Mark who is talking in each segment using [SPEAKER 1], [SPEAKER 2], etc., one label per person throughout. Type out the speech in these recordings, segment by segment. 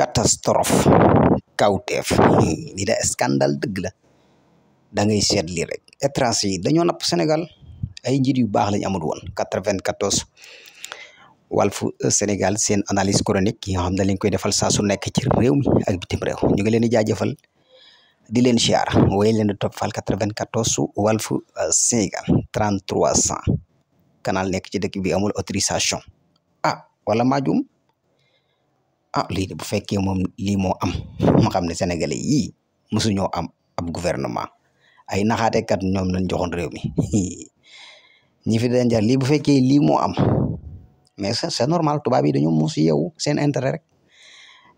[SPEAKER 1] catastrophe kawteef li da scandale dëgg la da ngay seet lii rek étranger yi dañoo napp Sénégal ay njiit yu baax lañ amul woon quatre-vingt-quatorze Walfu euh, Sénégal seen analyse chronique yoo xam ne lañ koy defal saa su nekk ci réew mi ak bitim réew ñu ngi leen di jaajëfal di leen siyaar wooye leen di topp fal 94 su Walfu euh, Sénégal 3300 canal nekk ci dëkk bi amul autorisation ah wala maajum a ah, lii de bu fekkee moom lii moo am ma xam ne sénégalais yii mosuñoo am ab gouvernement ay naxaatekat ñoom lañ joxoon réew mi ñi fi daan jar lii bu fekkee lii moo am mais c'est normal tubaab yi dañoo mosu yeewu seen intérêt rek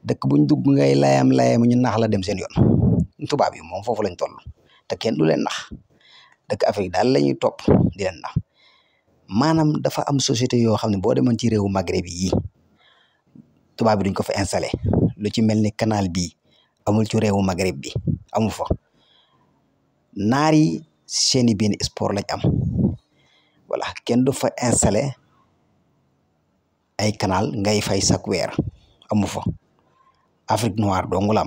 [SPEAKER 1] dëkk buñ dugg ngay layam layam ñu nax la dem seen yoon tubaab yi moom foofu lañ toll te kenn du leen nax dëkk Afrique daal la ñuy topp di leen nax maanaam dafa am société yoo xam ne boo demoon ci réewu Maghreb yi tubaab bi duñ ko fa installé lu ci mel ni canal bii amul ci réewu Maghreb bi amu fa naari seeni biin sport lañ am voilà kenn du fa installé ay canal ngay fay chaque weer amu fa Afrique noire dong la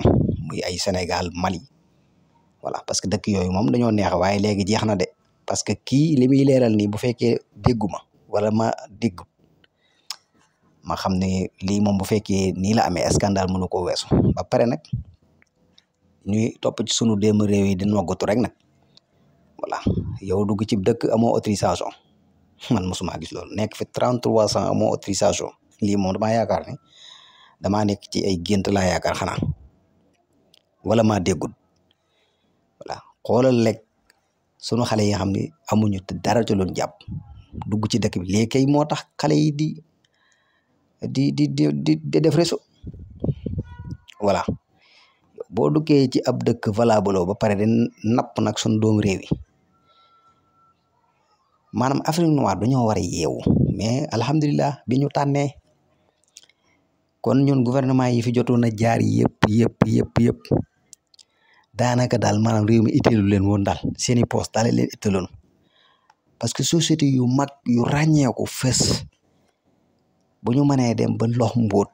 [SPEAKER 1] muy ay Sénégal Mali voilà parce que dëkk yooyu moom dañoo neex waaye léegi jeex na de parce que kii li muy leeral nii bu fekkee dégguma wala ma dégg ma xam ne lii moom bu fekkee nii la amee scandale mënu koo weesu ba pare nag ñuy topp ci sunu démb réew yi di noggatu rek nag voilà yow dugg ci dëkk amoo autorisation man mosuma gis nekk fi 3300 amoo autorisation lii moom damaa yaakaar ne damaa nekk ci ay gént laa yaakaar xanaa wala ma déggul voilà xoolal lek sunu xale yi nga xam ne amuñu dara ci luñ jàpp dugg ci dëkk bi kay moo tax xale yi di di di di def réseau voilà boo duggee ci ab dëkk valable ba pare di napp nag sun doomu réew yi maanaam Afrique noire dañoo war a yeewu mais alhamdulilah bi ñu tànnee kon ñun gouvernement yi fi jotoon a jaar yëpp yëpp yëpp yëpp daanaka daal maanaam réew mi itteelu leen woon daal seeni poste daal leen parce que société yu mag yu ràññeeku fees bu ñu mënee dem ba lox mbóot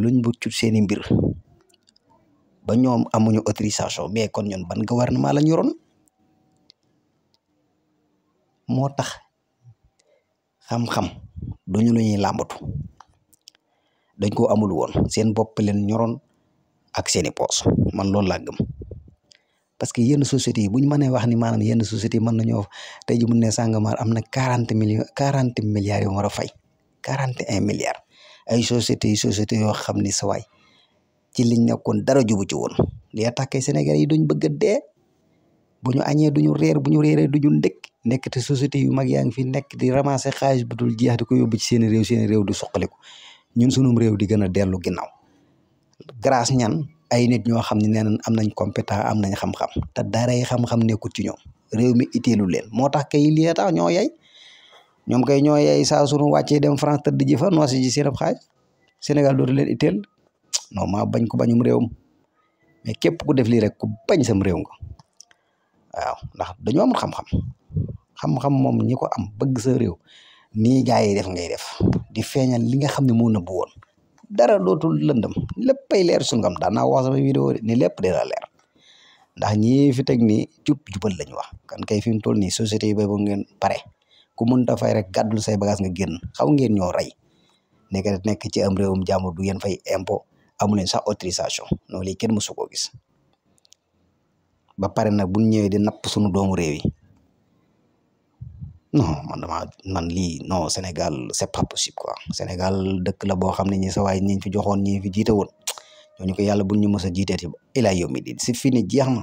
[SPEAKER 1] luñ buccut seeni mbir ba ñoom amuñu autorisation mais kon ñun ban gouvernement la yoroon moo tax xam-xam duñu lu ñuy làmbatu dañ ko amul woon seen bopp leen ñoroon ak seeni poos man loolu laa gëm parce que yenn sociétés yi bu ñu mënee wax ni maanaam yenn sociétés yi na nañoo tey ji mun ne sàngamaar am na quarante millions quarante milliards yu war a fay quarante et un milliards ay sociétés yi yoo xam ni sa ci liñ nekkoon dara jubu ci woon li attaqué Sénégal yi duñ bëgg a dee bu ñu añee duñu reer bu ñu reeree duñu ndëkk nekk te société yu mag yaa ngi fi nekk di ramasser xaalis bu dul jeex di ko yóbbu ci seen réew seen réew di soqaliku ñun sunum réew di gën a dellu ginnaaw grace ñan ay nit ñoo xam ne nee nañ am nañ compétent am nañ xam-xam te dara yi xam-xam nekkul ci ñoom réew mi itteelu leen moo tax kay lii tax ñoo yay ñoom kay ñoo yey saa sunu wàccee dem France tëdd ji fa noosi ji seen Sénégal dootu leen itteel non maa bañ ko bañum réew réewam mais képp ku def lii rek ku bañ sam réew nga waaw ndax dañoo am xam-xam xam-xam moom ñi ko am bëgg sa réew nii gaa yi def ngay def di feeñal li nga xam ne moo nëbbu woon dara dootul lëndëm léppay leer suñu ngam daan naa wax sama vidéo de ni lépp la leer ndax ñii fi teg nii jub jubal lañ wax kan kay fi mu toll nii société yi ba ngeen pare ku mënta fay rek gàddul say bagage nga génn xaw ngeen ñoo rey nekk nekk ci am réewum jàmbur du ngeen fay impôt amu leen sax autorisation noonu lii kenn mësu koo gis ba pare nag bu ñëwee di napp suñu doomu réew yi non man dama man lii non Sénégal c'est pas possible quoi Sénégal dëkk la boo xam ne ñi sawaay waay ñi fi joxoon ñi fi jiite woon ñooñu ko yàlla buñ ñu mës a jiiteeti ilaa yawmi diin si fii ni jeex na